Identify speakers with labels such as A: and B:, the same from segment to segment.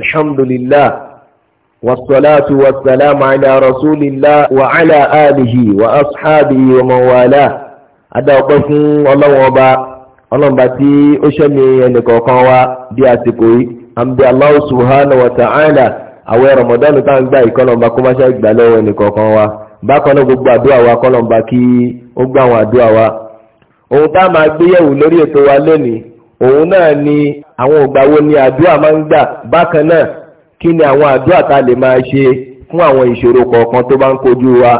A: الحمد لله والصلاة والسلام على رسول الله وعلى آله وأصحابه ومن والاه adáwọ̀pẹ́ fún ọlọ́wọ́n ọba ọlọ́mba tí ó ṣẹ́mi ẹnìkọ̀ọ̀kan wa bí àsìkò yìí àmì Allah subhanahu wa ta'ala àwẹ̀ Ramadan tá ń gbà ìkọlọ̀mba kó má ṣe gbà lọ́wọ́ ẹnìkọ̀ọ̀kan wa bákan náà gbogbo àdúrà wa kọlọ̀mba kí ó gbà àwọn àdúrà wa ohun tá a máa gbéyẹ̀wò lórí ètò wa lónìí òun náà ni àwọn ìgbà wo ni àdúrà máa ń gbà bákan náà kí ni àwọn àdúrà tá a lè máa ṣe fún àwọn ìṣòro kọ̀ọ̀kan tó bá ń kojú wa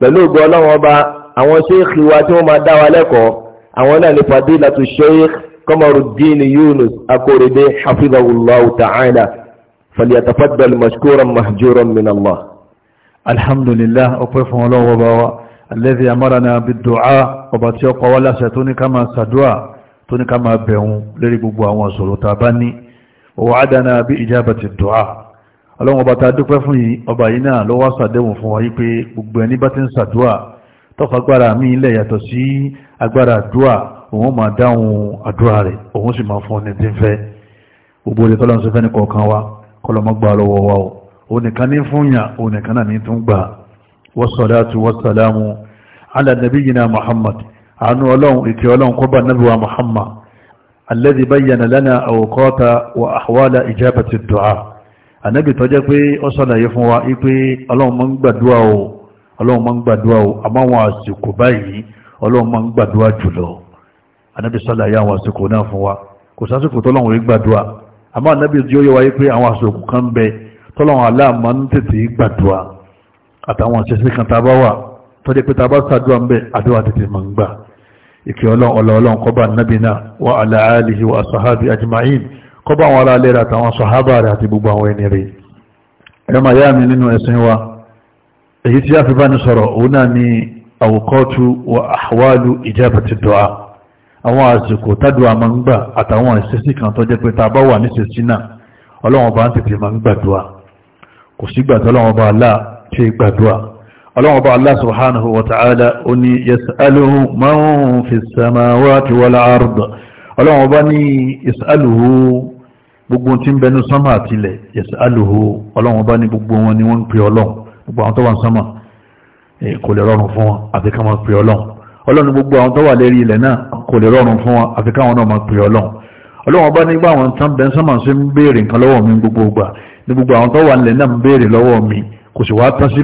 A: pẹ̀lú ògbó ọlọ́run ọba àwọn ṣéèkì wa tí wọ́n máa dá wa lẹ́kọ̀ọ́ àwọn náà ni fadilatu sheikh Qamaruddin Yunus Akorede hafizahullahu ta'ala falyatafaddal
B: tó ní ká máa bẹ̀rún lérí gbogbo àwọn ìṣòro tá a bá ní wa adana bi ijabati du'a ọlọ́run ọba ta dúpẹ́ fún yìí ọba yìí náà ló wá sàdéhùn fún wa yí pé gbogbo ẹni bá ti ń sàdúà tọ́fagbára mi ilẹ̀ yàtọ̀ sí agbára àdúà òun máa dáhùn àdúà àánú ọlọ́run ìkẹ́ ọlọ́run kó bá nábì wa muhammad alladhi bayyana lana awqata wa ahwala ijabati du'a ànábì tó jẹ́ pé ó sọ̀làyé fún wa pé ọlọ́run máa ń gbàdúrà o ọlọ́run máa ń gbàdúrà o àmọ́ àwọn àsìkò báyìí ọlọ́run máa ń gbàdúrà jùlọ ànábì sọ̀làyé àwọn àsìkò náà fún wa kò sásìkò tọ́lọ́run rí gbàdúrà àmọ́ ànábì tí ó yẹ wáyé pé àwọn àsìkò kan bẹ tọ́lọ́run aláàmà ń tètè gbàdúrà àtàwọn àṣẹṣe kan tá a bá wà tọ́jú pé tá a bá ṣàdúrà ń bẹ àdúrà tètè máa ń gbà ìkẹ́ ọlọ́run ọlọ́run kọba nàbìnà wa ala alihi wa sahabi ajma'in kọba àwọn ará lẹ́ra àtàwọn sahaba rẹ̀ àti gbogbo àwọn ẹni rẹ̀ ẹ̀mà yá mi nínú ẹ̀sìn wa èyí tí a fi bá ní sọ̀rọ̀ òun náà ni àwòkọ́tù ọlọ́wọ́ bá Allah subhanahu wa ta'ala ó ní yas'aluhu man fi samawati wal ard ọlọ́wọ́ bá ní yas'aluhu gbogbo tí ń bẹnu sánmà àtilẹ̀ yas'aluhu ọlọ́wọ́ bá ní gbogbo wọn ni wọ́n ń pè ọlọ́run gbogbo àwọn tó wà sánmà kò lè rọrùn fún wọn àfi ká máa pè ọlọ́run ọlọ́run gbogbo àwọn tó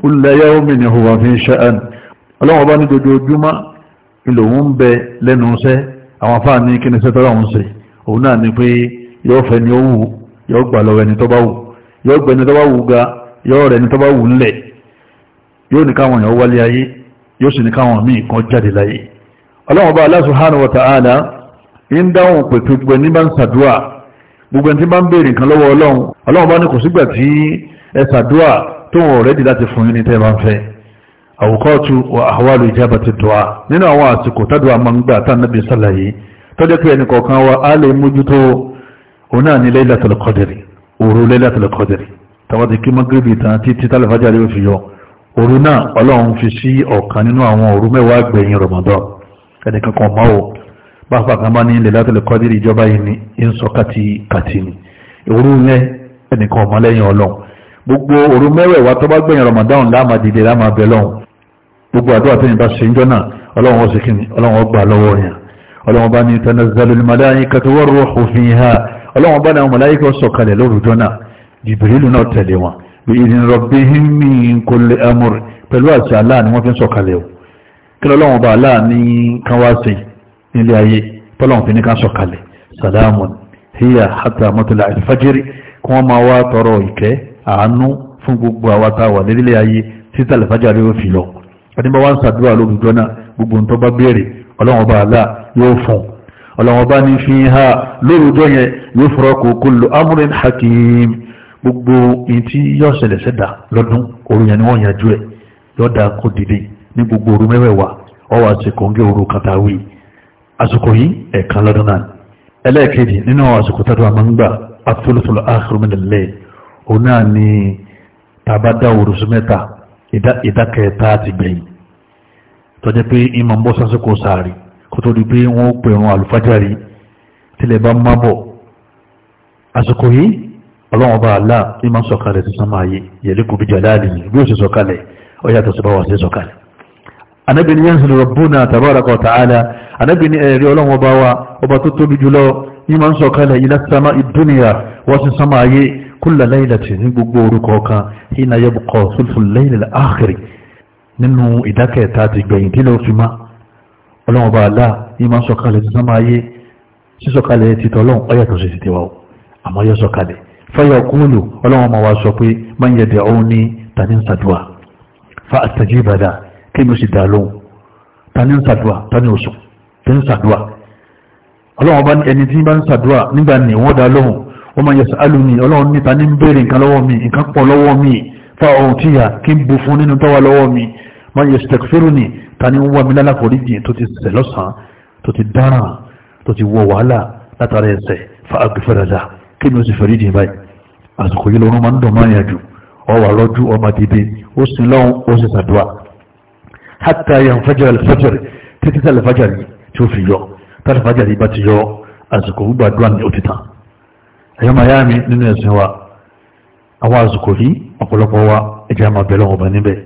B: kulla yawmin huwa fi sha'an ọlọ́wọ́ bá ní dojoojúmọ́ ilò ń bẹ lẹ́nu iṣẹ́ àwọn afá ní kí ni iṣẹ́ tọ́lá ń ṣe òun náà ni pé yóò fẹ́ ni ó wù yóò gbà lọ́wọ́ ẹni tó bá wù yóò gbẹ ẹni tó bá wù ga yóò rẹ̀ ẹni tó bá wù ńlẹ̀ yóò ní káwọn èèyàn wálé ayé yóò sì ní káwọn míì kan jáde láyé ọlọ́wọ́ bá Allah subhanahu wa ta'ala ń dáhùn pẹ̀tù gbẹ ní bá ń ṣàdúrà gbogbo ẹni tí bá ń béèrè nǹkan lọ́wọ́ ọlọ́run ọlọ́run bá ní kò sígbà tí ẹ ṣàdúrà tó wọ́n rẹ́dì láti fún yín ní tẹ́ bá ń fẹ́ àwòkọ́ọ̀tù wà àwàlù ìjábà ti dùá nínú àwọn àsìkò tádùá máa ń gbà tánàbí sàlàyé tọ́jọ́ pé ẹnì kọ̀ọ̀kan wa á lè mójútó òun náà ní Laylatul Qadri òru Laylatul Qadri tàbátí kí magrebi tán títí tálífàjáde ó fi yọ òru náà ọlọ́run fi sí ọ̀kan nínú àwọn òru mẹ́wàá gbẹ̀yìn Ramadan ẹnìkan kan máa wò báfà kan bá ní Laylatul Qadri ọlọ́run gbogbo òru mẹ́wẹ̀ẹ̀wá tó bá gbẹ̀yìn Ramadan láàmà dìde láàmà bẹ̀ lọ́hùn gbogbo àdúrà tó yìnbá ṣe ń jọ́nà ọlọ́run ọ̀sẹ̀ kìíní ọlọ́run ọgbà lọ́wọ́ yẹn ọlọ́run bá ní tanazzalul malaikatu warruhu àánú fún gbogbo àwátá wà lérílẹ̀ ayé títà lẹ́fàjà rẹ̀ fi lọ ẹni bá wá ń sàdúrà lóògùjọ́ náà gbogbo ń tọ́ba béèrè ọlọ́wọ́n bá àlá yóò fún ọlọ́wọ́n bá ní fi ha lóògùjọ́ yẹn yóò fọ́rọ́ kó kó lo amúrin hakim gbogbo in tí yóò ṣẹlẹ̀ ṣẹ̀dá lọ́dún òru yẹn ni wọ́n yanjú ẹ̀ yọ̀dà kó dìde ní gbogbo òru mẹ́wẹ̀ẹ̀wà ọwọ́ àsìkò ń gé òru kàtàwí àsìkò yìí ẹ̀ẹ̀kan lọ́dún náà ẹlẹ́ẹ̀kejì nínú àsìkò tàdúrà máa ń gbà afúlùfúlù áhùrùmílẹ̀ lẹ́yìn òun náà ni tàbádá òrùsù mẹ́ta ìdákẹ́ta ti gbẹ̀yìn tọ́jẹ́ pé ìmọ̀ ń bọ́ sásìkò sàárì kó tó di pé wọ́n pèrún àlùfájàrí tilẹ̀ bá má bọ̀ àsìkò yìí ọlọ́run ọba àlá ìmọ̀ sọ̀kalẹ̀ ti sánmà ayé yẹ̀lẹ́ kò bí jàláàlì yìí bí ó sì sọ̀kalẹ̀ ó yàtọ̀ sí báwa sí sọ̀kalẹ̀ anábì ni yẹnsìn rabbuna tabaraka wa ta'ala anábì ni ẹ̀rí ọlọ́run ọba wa ọba tó tóbi jùlọ ìmọ̀ sọ̀kalẹ̀ ila sama ìdúnìyà wọ́n sì sánmà ayé kúlà láìlàtì ní gbogbo orúkọ kan hina yabqa sulsul layl al-akhir nínú ìdákẹ́ta ti gbẹ̀yìn tí ló fi má ọlọ́run bá aláà ní máa ń sọ̀kalẹ̀ ti sánmà ayé sísọ̀kalẹ̀ ti tọ́lọ́run ọ̀yàtọ̀ sí ti tiwa o àmọ́ yọ sọ̀kalẹ̀ fẹ́yọ̀ kúlù ọlọ́run máa wá sọ pé man yad'uni tani ń sàdúà fa astajiba la kí mi sì dà lóhùn tani ń sàdúà tani ò sùn tani ń sàdúà ọlọ́run bá ẹni tí bá ń sàdúà nígbà ní wọ́n dá lóhùn wọ́n máa yẹsẹ̀ alùmí ọlọ́run níta ní bèèrè nǹkan lọ́wọ́ mi nǹkan pọ̀ lọ́wọ́ mi fa ohun tí yà kí n bu fún nínú tọ́wà lọ́wọ́ mi máa yẹsẹ̀ tẹ̀kfẹ́rù ni ta ni ń wá mi lálàkọ̀rí jìn tó ti sẹ̀ lọ́sàn tó ti dáràn tó ti wọ wàhálà látara ẹsẹ̀ fa agbèfẹ́rẹ́dà kí ni ó sì fẹ́rí jìn báyìí àsìkò yìí lọ́run máa ń dọ̀ máa yà jù ọwà ọmọ dìde ó sì lọ́hùn ó sì sàdúà hátà yàn fẹ́jẹ̀rẹ̀ fẹ́jẹ̀rẹ̀ títí ẹ̀yọ́ miami nínú ẹ̀sìn wa àwọn àsìkò yìí ọ̀pọ̀lọpọ̀ wa ẹ̀jẹ̀ àmà bẹ̀rẹ̀ ọ̀bà níbẹ̀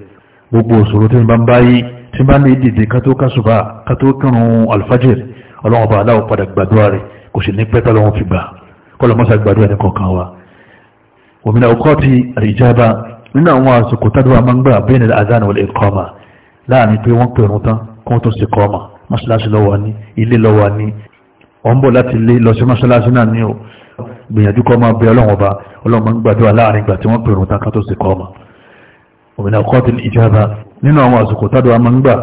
B: gbogbo òṣòro tí n bá ń báyìí tí n bá ní dìde kátó kásùbà kátó kírun alfajir ọlọ́wọ́n bá aláwọ̀ padà gbàdúrà rẹ̀ kò sì ní pẹ́tà lọ́wọ́n fi gbà kọ́lọ́ mọ́sá gbàdúrà ní kọ̀ọ̀kan wa òmìnira ọkọ̀ ti àìjábá nínú àwọn àsìkò tádùá máa ń gbà bẹ́ẹ̀ ní azan wal iqama láàrin pé wọ́n pèrún tán kó tó sì kọ́mà mọ́sálásí lọ́wọ́ ní ilé lọ́wọ́ ní ọ̀nbọ̀ láti lé lọ sí mọ́sálásí náà ní gbìyànjú kọ́ máa bẹ ọlọ́run ọba ọlọ́run máa ń gbàdúrà láàrin ìgbà tí wọ́n pè rún tákà tó sì kọ́ ọmọ òmìnira kọ́ọ̀tì ìjábá nínú àwọn àsìkò tádù a máa ń gbà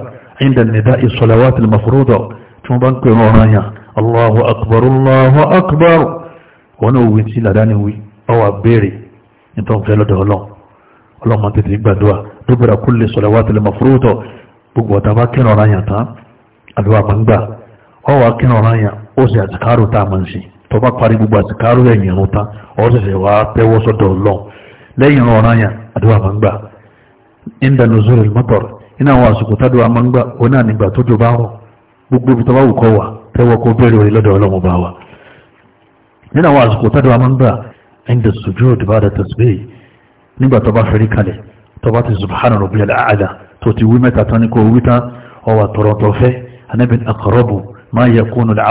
B: inda nida ìsọ̀lẹ̀wá ti mafurudọ̀ tí wọ́n bá ń pè rún ọ̀ràn yàn allahu akbar allahu akbar wọn ò wí sí làdáni wí ọwọ́ àbèrè nítorí fẹ́ lọ́dọ̀ ọlọ́run ọlọ́run máa tètè gbàdúrà tó bá parí gbogbo àsìkárò ẹ̀yìn ìrun tán ọ̀sẹ̀sẹ̀ wá tẹ́wọ́ sọ́dọ̀ ọlọ́run lẹ́yìn ìrun ọ̀ràn yẹn àdúrà máa ń gbà inda nuzul al-matar iná àwọn àsìkò tádùn àmọ́ ń gbà ó náà nígbà tó jọba rọ̀ gbogbo ibi tó bá wù kọ́ wà tẹ́wọ́ kó bẹ̀rẹ̀ orí lọ́dọ̀ ọlọ́run bá wa nínú àwọn àsìkò tádùn àmọ́ ń gbà inda sujud ba'da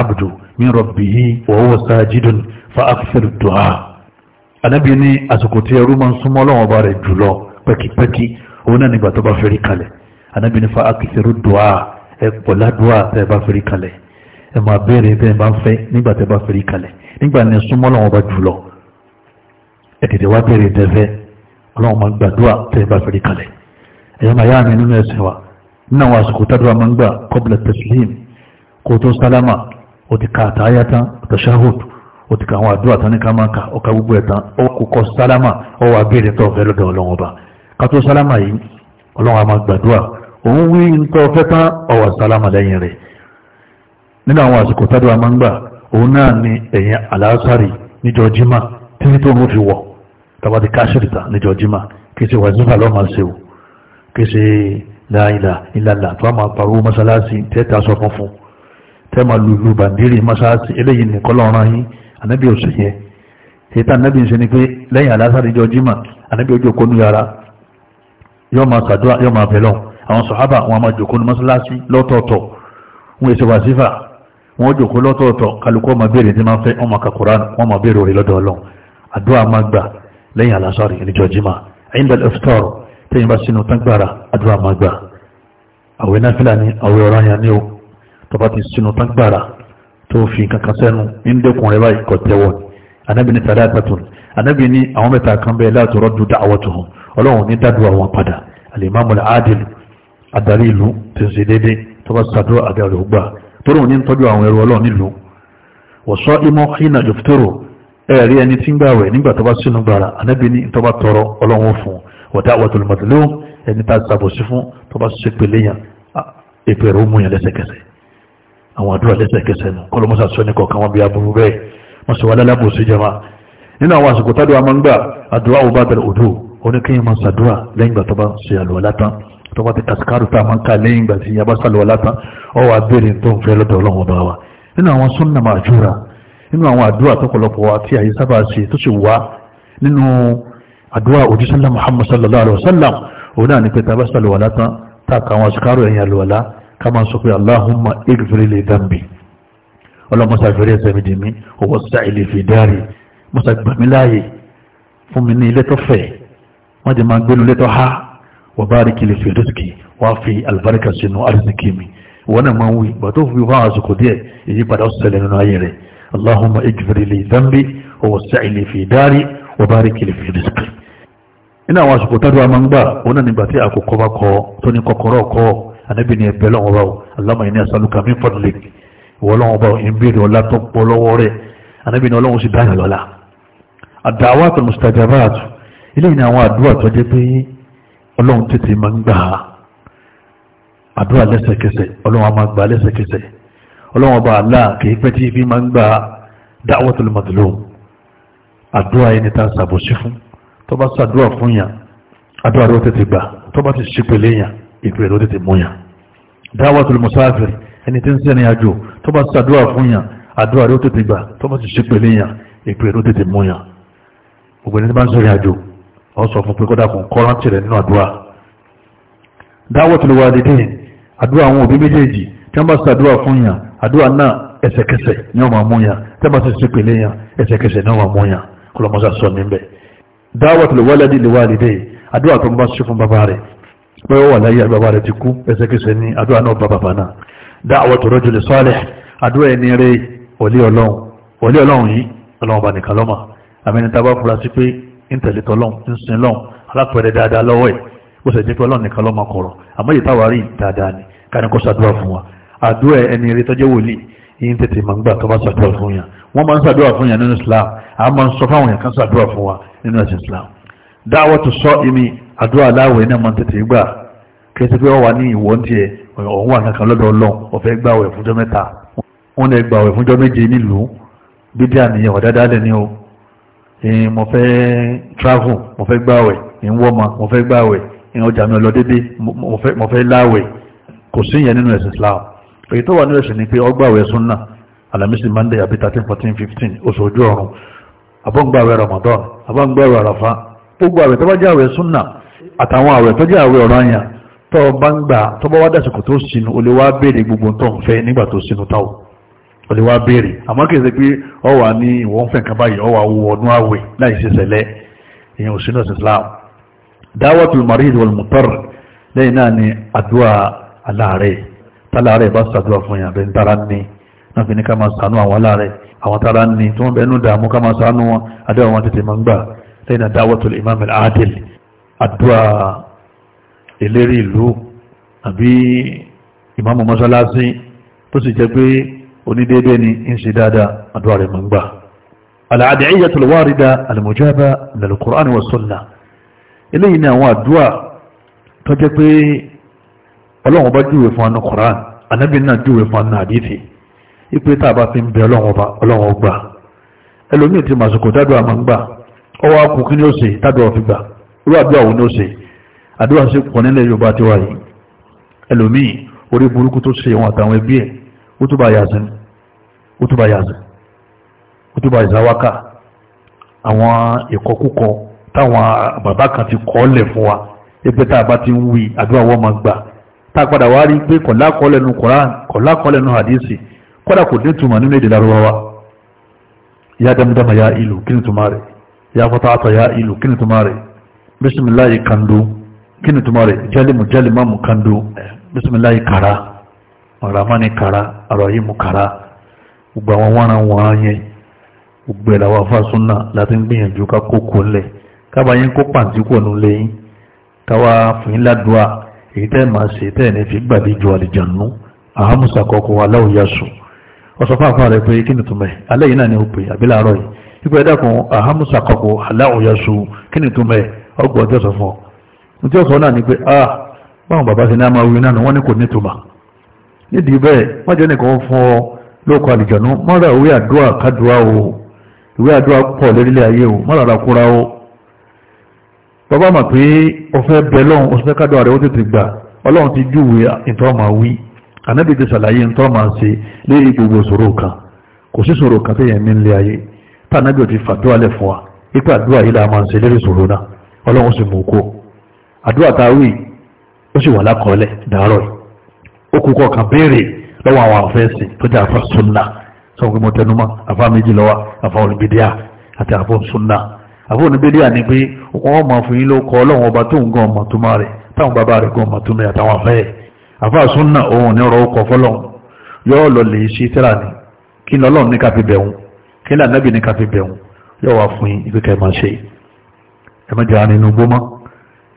B: tó bá min rabbihi wa huwa sajidun fa akthir du'a anabi ní àsìkò tí ẹrú máa ń súnmọ́ Ọlọ́run ọba rẹ̀ jùlọ pẹ́kipẹ́ki òun náà nígbà tó bá fẹ́rí kalẹ̀ anabi ní fa akthir du'a ẹ pọ̀lá du'a tẹ́ ẹ bá fẹ́rí kalẹ̀ ẹ máa béèrè tẹ́ ẹ bá fẹ́ nígbà tẹ́ ẹ bá fẹ́rí kalẹ̀ nígbà ní súnmọ́ Ọlọ́run ọba jùlọ ẹ tètè wá béèrè tẹ́ fẹ́ Ọlọ́run máa gbàdúrà tẹ́ ẹ bá fẹ́rí kalẹ̀ ẹ̀yọ́ mi nínú ẹ̀sìn wa nínú àwọn àsìkò tádùá qabla taslim kó tó sálámà ó ti ka àtàyà tán tashahud ó ti ka àwọn àdúrà tán ní ká máa ka ọkà gbogbo ẹ̀ tán ó kò kọ sálámà ó wà béèrè tó fẹ́ lọ́dọ̀ ọlọ́wọ́n ọba kátó sálámà yìí ọlọ́wọ́n a máa gbàdúrà òun wí nǹkan ọ̀fẹ́ tán ó sálámà lẹ́yìn rẹ̀ nínú àwọn àsìkò tádùn amáńgbà òun náà ni ẹ̀yìn àlàásàrì níjọ jimá títí tó ń fi wọ̀ tàbátí káṣírìtà níjọ jimá kì í ṣe wàzífà lọ́ọ́ máa ṣe tẹ́ máa lu ìlú bàndírì mọ́sáàtì eléyìí ní kọ́lọ́ọ̀rán yín ànábì ò sì yẹn èyí tá ànábì ń ṣe ni pé lẹ́yìn àlásàrí jọ jímà ànábì ojú okòó ní yàrá yóò máa sàdúrà yóò máa bẹ̀lọ̀ àwọn sọ̀hábà wọn máa jòkó ní mọ́sálásí lọ́tọ̀ọ̀tọ̀ wọn èsì wàsífà wọn jòkó lọ́tọ̀ọ̀tọ̀ kálukú máa béèrè tí máa fẹ́ wọn máa ka tọba ti sinu tán gbàrà tó fi kankan sẹ́nu ní dẹ́kun rẹ̀ báyìí kò tẹ́wọ̀ ni anabi ni tàdá àtàtò ni anabi ni àwọn mẹ́ta kan bẹ́ẹ̀ láàtọ̀ rọ́dù dáwọ́ tó hàn ọlọ́run ní dádùn àwọn padà alimami adil adarí ìlú ti ṣe déédéé tọba sàdúrà àdàrí ògbà tóró ní tọ́jú àwọn ẹrù ọlọ́run nílùú wọ̀sọ́ imọ̀ hínà yòfútóró ẹ̀rí ẹni tí ń gbàwẹ̀ nígbà tọba sínú gbàrà anabi ni tọba tọrọ ọlọ́run fún wọ̀dá wọ̀tòlùmọ̀tòlù ẹni tá a sàbòsí fún tọba ṣe èpè rẹ̀ ó mú yàn lẹ́sẹ̀kẹsẹ̀ àwọn àdúrà lẹ́sẹ̀kẹsẹ̀ nù kọ́ ló mọ́sá sọ ní kọ̀ọ̀kan wọn bí aburú bẹ́ẹ̀ wọ́n sọ wà lálábò sí jama nínú àwọn àsìkò tádùá máa ń gbà àdúrà ò bá bẹ̀rẹ̀ òdò oníkéyìn máa sàdúrà lẹ́yìn ìgbà tó bá ṣe àlùwàlá tán tó bá ti kàṣíkàrù tá a máa ń ka lẹ́yìn ìgbà tí yaba sàlùwàlá tán ọ wà béèrè tó ń fẹ́ lọ́dọ̀ ọlọ́run ká máa sọ pé Allahumma igfiri li dhanbi ọlọ́mọsá fèrè ẹsẹ̀ mi dì mí owó sá ilé fi dárí mọ́sá gbà mí láàyè fún mi ní ilé tó fẹ̀ wọ́n ti máa gbénu ilé tó há wa bariki li fi rizqi wá fi àlùbáríkà sínú àrísìkì mi wọ́n náà máa ń wí bàtó fi wá àsìkò díẹ̀ èyí padà ó ṣẹlẹ̀ nínú ayé rẹ̀ Allahumma igfiri li owó sá fi dárí wa bariki li fi rizqi nínú àwọn àsìkò tó anábì ní ẹ̀bẹ̀ lọ́wọ́ bá o Allahumma inni as'aluka min fadlik ìwọ lọ́wọ́ bá o ìbéèrè ọlá tó pọ̀ lọ́wọ́ rẹ̀ anábì ní ọlọ́wọ́ sì dáyà lọ́la ad-da'awatul mustajabat ilé ìní àwọn àdúrà tó jẹ́ pé ọlọ́run tètè máa ń gbà á àdúrà lẹ́sẹ̀kẹsẹ̀ ọlọ́run a máa gbà lẹ́sẹ̀kẹsẹ̀ ọlọ́run ọba àlá kìí pẹ́ tí ibi máa ń gbà da'watul madlum àdúrà ẹni tá a ṣàbòsí fún tó bá ṣàdúrà fún yàn àdúrà rẹ̀ tètè gbà tó ti ṣípele ìpè ló tètè mú yàn dáwàtul musafir ẹni tí ń sẹ́ni àjò tó bá ṣàdúrà fún yàn àdúrà rẹ̀ ó tètè gbà tó bá ti ṣe pèlè yàn ìpè ló tètè mú yàn gbogbo ẹni tí bá ń sẹ́ni àjò ọ sọ fún pé kọ́dà fún kọ́rántì rẹ̀ nínú àdúrà dáwàtul walidain àdúrà àwọn òbí méjèèjì tí wọ́n bá ṣàdúrà fún yàn àdúrà náà ẹsẹ̀kẹsẹ̀ ni wọ́n máa mú yàn tí wọ́n bá ti ṣe pèlè yàn ẹsẹ̀kẹsẹ̀ ni wọ́n máa mú yàn kọ́lọ́mọ́sá sọ níbẹ̀ dáwàtul waladi liwalidain àdúrà tó ń bá ṣe fún bàbá rẹ̀ pé ó wà láyé àgbàbà rẹ̀ ti kú ẹsẹ̀kẹsẹ̀ ní àdúrà náà bá bàbá náà da'watu rajuli salih àdúrà ẹni rẹ̀ òlé ọlọ́run òlé ọlọ́run yìí ọlọ́run bá nìkan lọ́mà àmẹ́nita bá fura sí pé ń tẹ̀lé tọ́lọ́n ń sin lọ́n alápẹ̀rẹ̀ dáadáa lọ́wọ́ ẹ̀ ó sì jẹ́ pé ọlọ́run nìkan lọ́mà kọ̀rọ̀ àmọ́ yìí táwa rí dáadáa ni káni kó ṣàdúrà fún wa àdúrà ẹni rẹ̀ tọ́jẹ́ wòlíì yìí ń tètè máa ń gbà tó bá ṣàdúrà fún yàn wọ́n máa ń ṣàdúrà fún yàn nínú Islam àmọ́ ń sọ fáwọn yàn kan ṣàdúrà fún wa nínú ẹ̀sìn Islam da'watu sa'imi àdúrà aláwẹ̀ náà máa tètè gbà kí ẹsẹ̀ pé wọ́n wà ní ìwọ́n tiẹ̀ ọ̀hún wà kankan lọ́dọ̀ ọlọ́run ọ̀fẹ́ gbà wẹ̀ fúnjọ́ mẹ́ta wọ́n lè gbà wẹ̀ fúnjọ́ méje nílùú bídí àníyàn ọ̀dádá lẹ̀ ní o mo fẹ́ travel mo fẹ́ gbà wẹ̀ ń wọ́mọ mo fẹ́ gbà wẹ̀ ń ọjà mi lọ dédé mo fẹ́ láwẹ̀ kò sí ìyẹn nínú ẹ̀sìn Islam èyí tó wà nínú ẹ̀sìn ni pé ọgbà wẹ̀ súnà alamisi monday àbí thirteen fourteen fifteen oṣù ojú ọ̀run abọ́ngbàwẹ̀ Ramadan abọ́ngbàwẹ̀ àràfà gbogbo àwẹ̀ tó bá jẹ́ àwẹ̀ súnà àtàwọn àwẹ̀ tó jẹ́ àwẹ̀ ọ̀rọ̀ àyàn tó bá ń gbà tó bá wá dàsìkò tó sinú o lè wá béèrè gbogbo tó ń fẹ́ nígbà tó sinú táwọ̀ o lè wá béèrè àmọ́ kìí ṣe pé ọ wà ní ìwọ̀n fẹ́ nǹkan báyìí ọ wà wọ ọdún àwẹ̀ láì ṣe ṣẹlẹ̀ èèyàn òsínú ẹ̀sìn Islam dawatul marid wal mutar lẹ́yìn náà ni àdúrà aláàrẹ̀ tálàrẹ̀ bá ṣàdúrà fún yàn bẹ́ẹ̀ tára ní náà fi ní ká máa ṣàánú àwọn aláàrẹ̀ àwọn tára ní tí wọ́n bẹ́ẹ̀ nú dààmú ká máa ṣàánú wọn àdúrà wọn tètè máa ń gbà lẹ́yìn náà dawatul imam al-adil àdúrà eléré ìlú àbí ìmáàmù mọ́sálásí tó sì jẹ́ pé onídéédé ni ń ṣe dáadáa àdúrà rẹ̀ máa ń gbà. الواردة المجابة من القرآن والسنة إليه نعوى الدعاء تجبي ọlọ́run bá júwe fún anú koran anábì náà júwe fún anú àdìsí ipe tá a bá fi ń bẹ ọlọ́run ọba ti màsùkò tádùn àmọ́ ń gbà ọwọ́ akùnkùn ní òsè tádùn ọ̀fi gbà irú àdúrà òun ló ṣe àdúrà sí pọ̀ nílẹ̀ Yorùbá ti wà yìí orí burúkú tó wọn àtàwọn ẹbí ẹ̀ ó túbà yàzìn ó túbà yàzìn àwọn ìkọkúkọ táwọn bàbá kan ti kọ́ lẹ̀ fún wa ẹgbẹ́ tá a bá ti ń wí àdúrà wọn máa gbà tá a padà wá rí pé kọ̀lákọ́lẹ́nu hadisi kọ́dà kò ní túmọ̀ nínú èdè lárúbáwá ya dámdámà ya ìlú kí ni rẹ̀ ya ilu ya bisimilayi kando kí ni tuma rẹ̀ jalimu jalimamu kando eh, bisimilayi kara ramani kara arahimu kara gbogbo àwọn wọ́nran wọ́nran yẹn gbogbo ẹ̀là wà fún súnà láti ń gbìyànjú ká kókó ńlẹ̀ kábàá yín kó pàǹtí kò nù lẹ́yìn káwá fún yín ládùúà èyí tẹ́ máa ṣe tẹ́ ẹ̀ ní fi gbàlejò àlìjànú àhámùsà kọkọ aláwòyà sùn fún àfáà rẹ̀ pé kí ni tuma ẹ̀ náà ni ó pè àbí yìí ipò ẹ̀dá kan àhámùsà kọkọ aláwòyà sùn kí ni ọgbọ̀n ọjọ́ sọ fún ọ ní tí náà ni pé ah báwọn bàbá ṣe ní a máa wí náà wọ́n ní kò ní tòmà nídìí bẹ́ẹ̀ wọ́n jẹ́ nìkan fún ọ lóko àlìjọ̀nú mọ́ra ìwé àdúrà kádùá o ìwé àdúrà pọ̀ lórílẹ̀ ayé o mọ́ra ara kúra o bàbá mà pé ọfẹ́ bẹ lọ́hùn oṣù fẹ́ kádùá rẹ̀ ó tètè gbà ọlọ́run ti júwe ìtọ́ máa wí ànábì ti ṣàlàyé ìtọ́ máa ṣe lérí gbogbo ìṣòro kan kò sí ìṣòro kan tó yẹn ní ilé ayé tá ànábì ò ti fàdúrà lẹ̀ fún wa ipa àdúrà yìí la máa ń ṣe lérí ìṣòro náà ọlọ́run sì mú kó àdúrà táwí ó sì wà lákọọ́lẹ̀ dàárọ̀ ó kú kọ̀ọ̀kan béèrè lọ́wọ́ àwọn àfẹ́sì tó jẹ́ àfa sunna sọ pé mo tẹnumọ́ àfa méjì lọ́wọ́ àfa oníbídíà àti àfa sunna àfa oníbídíà ni pé wọ́n mọ̀ fún yín ló kọ́ ọlọ́run ọba tó ń gan ọmọ tó máa rẹ̀ táwọn bàbá rẹ̀ gan ọmọ tó mẹ́ àtàwọn afẹ́ ẹ̀ àfa sunna òun ní ọ̀rọ̀ ọkọ̀ fọlọ́run yóò lọ lè ṣe tẹ́ra ni kí ni ọlọ́run ní ká fi bẹ̀rù kí ni ẹmọ́jà nínú gbọ́mọ́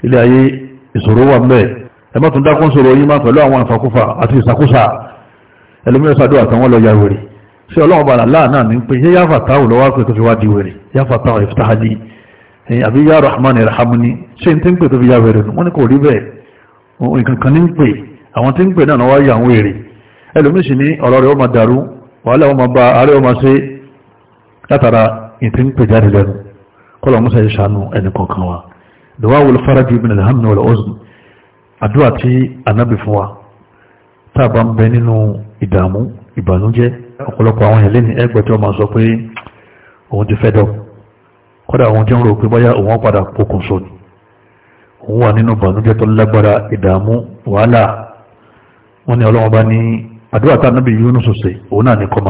B: ilé ayé ìṣòro wà mẹ́ ẹmọ́ tún dákún ṣòro yí máa pẹ̀lú àwọn àfàkúfà àti ìsàkúsà ẹlòmíràn àtàwọn lọ ya wèrè sí ọlọ́run bàrà láàánà ní pé yé yáfà táwù lọ́wọ́ pé tó fi wá di wèrè yáfà táwù ìfitahali àbí yá rahman irhamuni ṣé n tí ń pè tó fi ya wèrè wọ́n ní kò rí bẹ́ẹ̀ nǹkan kan ní ń pè àwọn tí ń pè náà kọ́lọ̀ musa yìí ṣàánú ẹni kọ̀ọ̀kan wa dọ̀wà wọlé faraji ibn alhamdu wọlé ọ̀sùn àdúrà tí anábì fún wa tá a bá ń bẹ nínú ìdààmú ìbànújẹ́ ọ̀pọ̀lọpọ̀ àwọn ẹ̀lẹ́ni ẹgbẹ́ tí wọ́n máa sọ pé òun ti fẹ́ dọ̀ kọ́dà òun jẹ́ ń rò pé bóyá òun padà pokùnso ni òun wà nínú ìbànújẹ́ tó lágbára ìdààmú wàhálà wọn ni ọlọ́wọ́n bá ní àdúrà tá anábì Yunus ṣe òun náà ní kọ́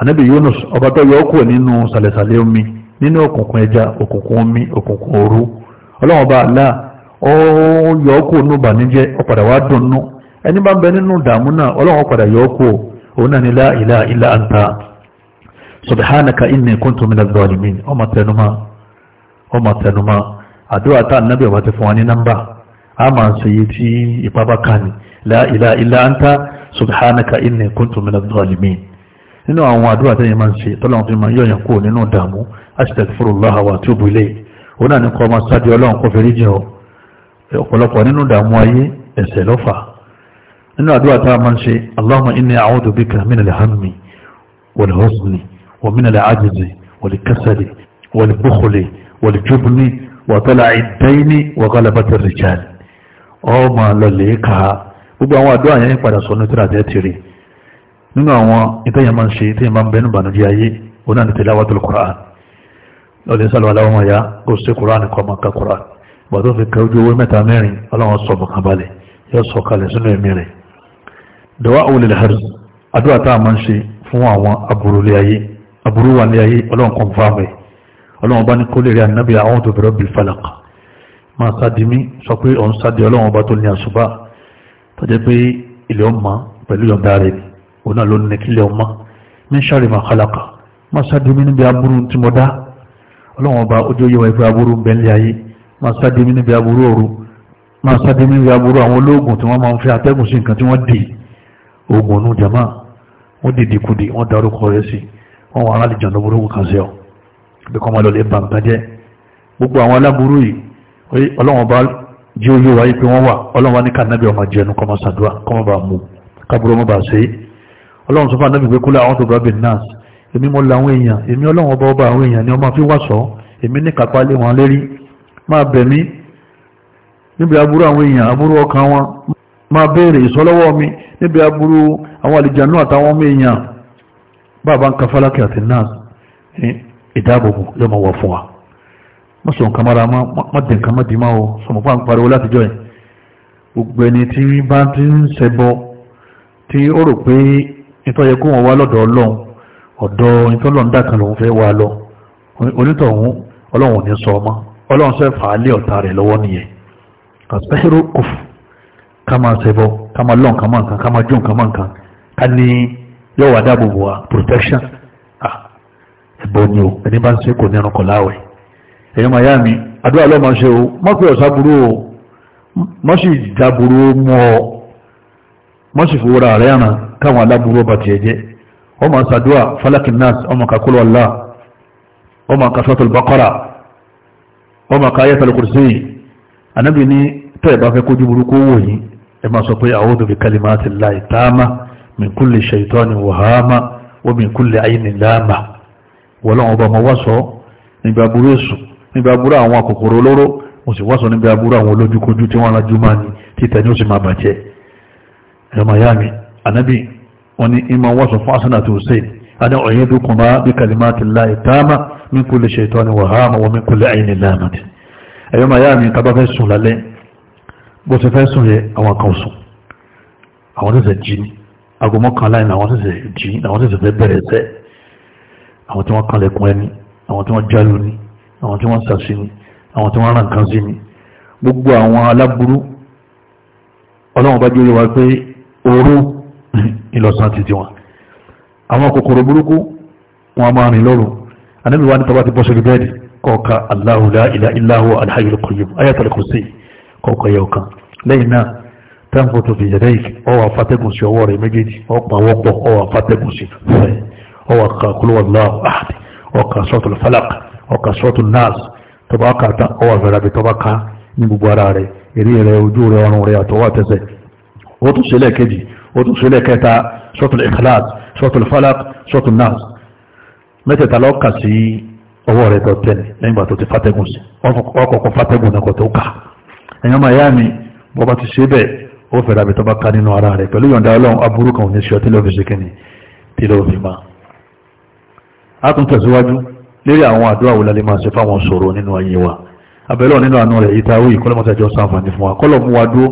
B: anábì Yunus ọba tó yọ ọkọ̀ nínú sàlẹ̀sàlẹ̀ omi nínú òkùnkùn ẹja òkùnkùn omi òkùnkùn òru ọlọ́run bá àlá ó yọ ọ́ kó nù bànújẹ́ ọ̀padà wá dùnnú ẹni bá ń bẹ nínú ìdààmú náà ọlọ́run padà yọ ọ́ kó òun náà ní la ilaha illa anta subhanaka inni kuntu minaz zalimin ọmọ tẹnumá ọmọ àdúrà tá ànábì ọba ti fún wa ní nọ́mbà a máa ń ṣe yìí tí ìpá bá kàn ní la ilaha illa anta subhanaka inni kuntu nínú àwọn àdúrà tẹ́yìn máa ń ṣe tọ́lọ́run fi máa yọ̀yàn kúrò nínú ìdààmú astaghfirullah wa atubu ilayhi òun náà ní kọ́ ọmọ sáájú ọlọ́run kó fẹ́rí jẹ́ ọ̀pọ̀lọpọ̀ nínú ìdààmú ayé ẹ̀ṣẹ̀ lọ́fà nínú àdúrà tá a máa ń ṣe allahumma inni a'udhu bika min al-hammi wal huzni wa min al-'ajzi wal kasali wal bukhli wal jubni wa tala'i ad-dayni wa nínú àwọn ìtẹ́yàn máa ń ṣe ìtẹ́yàn máa ń bẹnu bànújẹ́ ayé òun náà ní tilawatul Qur'an lọ́dún sálọ̀ aláwọ̀ ya kò sí Qur'an kọ́ máa ka Qur'an wà tó fi ka ojú owó mẹ́ta mẹ́rin ọlọ́wọ́n sọ bọ̀kan balẹ̀ yóò sọ kalẹ̀ sínú ẹ̀mí rẹ̀ dọ̀wọ́ òwúlẹ̀ lẹ́hàrí àdúrà tá a máa ń ṣe fún àwọn aburú lé ayé aburú wà ní ayé ọlọ́run òun náà ló ní kílẹ̀ ọmọ ní sáré máa kálákà máa sáde mi níbi aburú tí mo dá ọlọ́wọ́n ọba ojú yẹ wọ ẹgbẹ́ aburú bẹ́ẹ̀lì ayé máa sáde mi níbi aburú òru máa níbi aburú àwọn olóògùn tí wọ́n máa ń fẹ́ atẹ́gùn sí nǹkan tí wọ́n dì oògùn nù jama wọ́n dìdì kudì wọ́n darúkọ rẹ̀ sí wọ́n wọ alálìjàn lóburú kan sí ọ bí kò máa lọ lè ba nǹkan jẹ́ gbogbo àwọn aláburú yìí ọlọ́wọ́n ọba jí oyé wáyé pé wọ́n wà ọlọ́wọ́n ní kànáàbì ọmọ jẹnu kọ́mọ sàdúrà bá mú kábúrò ọmọ bá ṣe é ọlọ́run sọ fún anábì pé kúlẹ̀ àwọn tó bá bẹ̀rẹ̀ náà èmi mo la àwọn èèyàn èmi ọlọ́run ọba ọba àwọn èèyàn ni ọmọ fi wà sọ èmi ní kápá lé wọn lérí máa bẹ̀ mí níbi aburú àwọn èèyàn aburú ọkàn wọn máa béèrè ìsọlọ́wọ́ mi níbi aburú àwọn àlìjànú àtàwọn ọmọ èèyàn bàbá ń ka fálákì àti náà ìdáàbòbò yóò máa wà fún wa má sọ nǹkan mára má dẹ̀ nǹkan má dì má o sọmọ fún àpariwo látijọ́ yìí gbogbo ẹni tí bá ti ń ṣẹbọ tí ó rò pé nítorí kó wọn wá lọ́dọ̀ ọlọ́run ọ̀dọ̀ ìtọ́lọ́run dàkan lòun fẹ́ wá lọ onítọ̀hún ọlọ́run ò ní sọ ọmọ ọlọ́run fẹ́ fà á lé ọ̀tá rẹ̀ lọ́wọ́ nìyẹn kàṣẹ́rò kùfù ká máa ṣẹbọ ká máa lọ́n ká máa nǹkan ká máa jó nǹkan máa nǹkan ká ní yóò wá dáàbò wá protection ẹ̀bọ ni o ẹni bá ń ṣe kò ní ẹran kọ̀ láwẹ̀ ẹ̀yọ́ màá yá mi àdúrà máa ṣe o má pè ọ̀sá burú o má sì já mọ́ ọ má sì fowóra rẹ̀ àná káwọn aláburú ọba tiẹ̀ jẹ́ ọmọ sàdúà falaki nas ọmọ kakulu Allah ọmọ kasọ́tò bakara ọmọ káyẹ́ talikursi anábì ní tẹ́ ẹ̀ bá fẹ́ kójú burúkú wò yín ẹ máa sọ pé a'udhu bi kalimati llahi taama min kulli shaytani wahama wa min kulli ayni laama wọ́n lọ́wọ́ ọba ọmọ wá sọ níbi aburú èṣù níbi aburú àwọn kòkòrò olóró mo sì wá sọ níbi aburú àwọn olójúkojú tí wọ́n rájú máa ní títẹ̀ ní ó sì máa bàjẹ́ ẹ̀rọ̀mọ̀ yá mi ànábì wọn ni ìmọ̀ wọ́n sọ fún asánà tó ṣe adé ọ̀yẹ́ dúkùn bá bí kalima ti la ìtaama mi kò lè ṣètò ni wàhámà wọ́n mi kò lè àyìn nílá àmàtì ẹ̀rọ̀mọ̀ yá mi tábà fẹ́ sùn lálẹ́ bó ti fẹ́ sùn yẹ àwọn kan sùn àwọn tẹ̀sẹ̀ jí ni aago mọ́kànlá ni àwọn tẹ̀sẹ̀ jí ni àwọn tẹ̀sẹ̀ fẹ́ bẹ̀rẹ̀ sẹ́ àwọn tí wọ́n ni àwọn tí wọ́n sàṣì ni àwọn tí wọ́n kan sí ni gbogbo àwọn aláburú ọlọ́run bá jẹ́ yẹ pé òru ìlọ̀sán ti tiwọn àwọn kòkòrò burúkú wọn máa rìn lóru anábì wa ní tọ́ba ti bọ́ sórí bẹ́ẹ̀dì kọ̀ọ̀ka Allahu la ilaha illa huwa al-hayyul qayyum ayatul kursi kọ̀ọ̀ka yẹ ọ̀kan lẹ́yìn náà tẹ́ǹpù tó fi yẹ̀dẹ́ yìí ọwọ́ afátẹ́gùn sí ọwọ́ rẹ̀ méjèèjì ọ̀pọ̀ àwọ̀pọ̀ ọwọ́ afátẹ́gùn sí fẹ́ ọwọ́ ka kul wallahu ahad ọ̀ka ó tún ṣe lẹ́ẹ̀kejì ó tún ṣe lẹ́ẹ̀kẹta sọ́tún ikhlas sọ́tún falak sọ́tún nas mẹ́tẹ̀ẹ̀ta lọ kà sí ọwọ́ rẹ̀ dọ̀tẹ́ ni lẹ́yìn ìgbà tó ti fàtẹ́gùn sí ọkọ̀ọ̀kọ̀ fàtẹ́gùn náà kò tó kà ẹ̀yàn máa yá mi bọ́ bá ti ṣe bẹ́ẹ̀ ó fẹ̀rẹ̀ àbí tó bá ká nínú ara rẹ̀ pẹ̀lú yọ̀ǹda ọlọ́run aburú kan ò ní ṣe ọtí lọ́ọ́ fi ṣe kí ni tí lọ́ọ́ fi máa. a tún tẹ̀síwájú lérí àwọn àdúrà wo la lè máa ṣe fáwọn ṣòro nínú ayé wa abẹ́lọ́ nínú àánú rẹ̀ yìí tá a wí kọ́lọ́mọ́sájọ́ sáǹfààní fún wa kọ́lọ́ mú wa dúró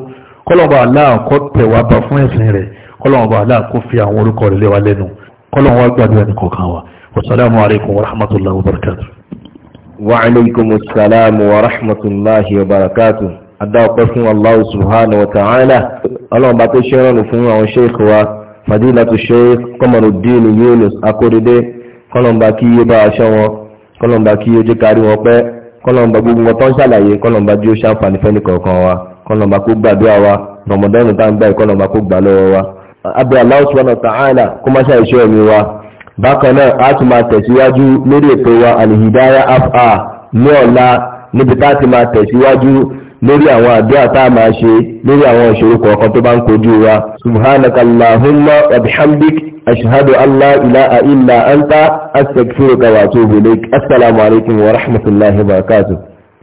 B: kọ́lọ́mọba aláà kọ́ tẹ̀wá bá fún ẹ̀sìn rẹ̀ kọ́lọ́mọba aláà kó fi àwọn orúkọ rẹ̀ lé wa lẹ́nu kọ́lọ́mọba gbàdúrà ní kọ̀ọ̀kan wa wasalaamu alaykum wa rahmatulahi wa barakatu.
A: wa aleykum salaam wa rahmatulahi wa barakatu. adáwọ̀pẹ́ fún allahu subhanahu wa ta'ala ọlọ́mọba tó ṣe rán fún àwọn sheikh wa fadilatu sheikh kọmọrùdín yunus akóredé kọ́lọ́mọba kí yé bá aṣọ wọn kọ́lọ́mọba kí yé jẹ́ kárí wọn pẹ́ kọ́lọ́mọba gbogbo wọn tó ṣàlàyé kọ́lọ́mọba jí ó ṣàǹfààní fẹ́ni kọ̀ọ̀kan wa kọlọmba kó gbàdúrà wa rọmọdánù tá ń gbà ìkọlọmba kó gbà lọ́wọ́ wa abẹ́ Allah subhanahu wa ta'ala kó má ṣe iṣẹ́ ẹ̀mí wa bákan náà a tún máa tẹ̀síwájú lórí ètò wa alihidaya afa ní ọ̀la níbi tá a ti máa tẹ̀síwájú lórí àwọn àdúrà tá a máa ṣe lórí àwọn ìṣòro kọ̀ọ̀kan tó bá ń kojú wa subhanakallahumma wa bihamdik ashhadu ilaha illa anta astaghfiruka wa atubu ilaik assalamu wa rahmatullahi wa barakatuh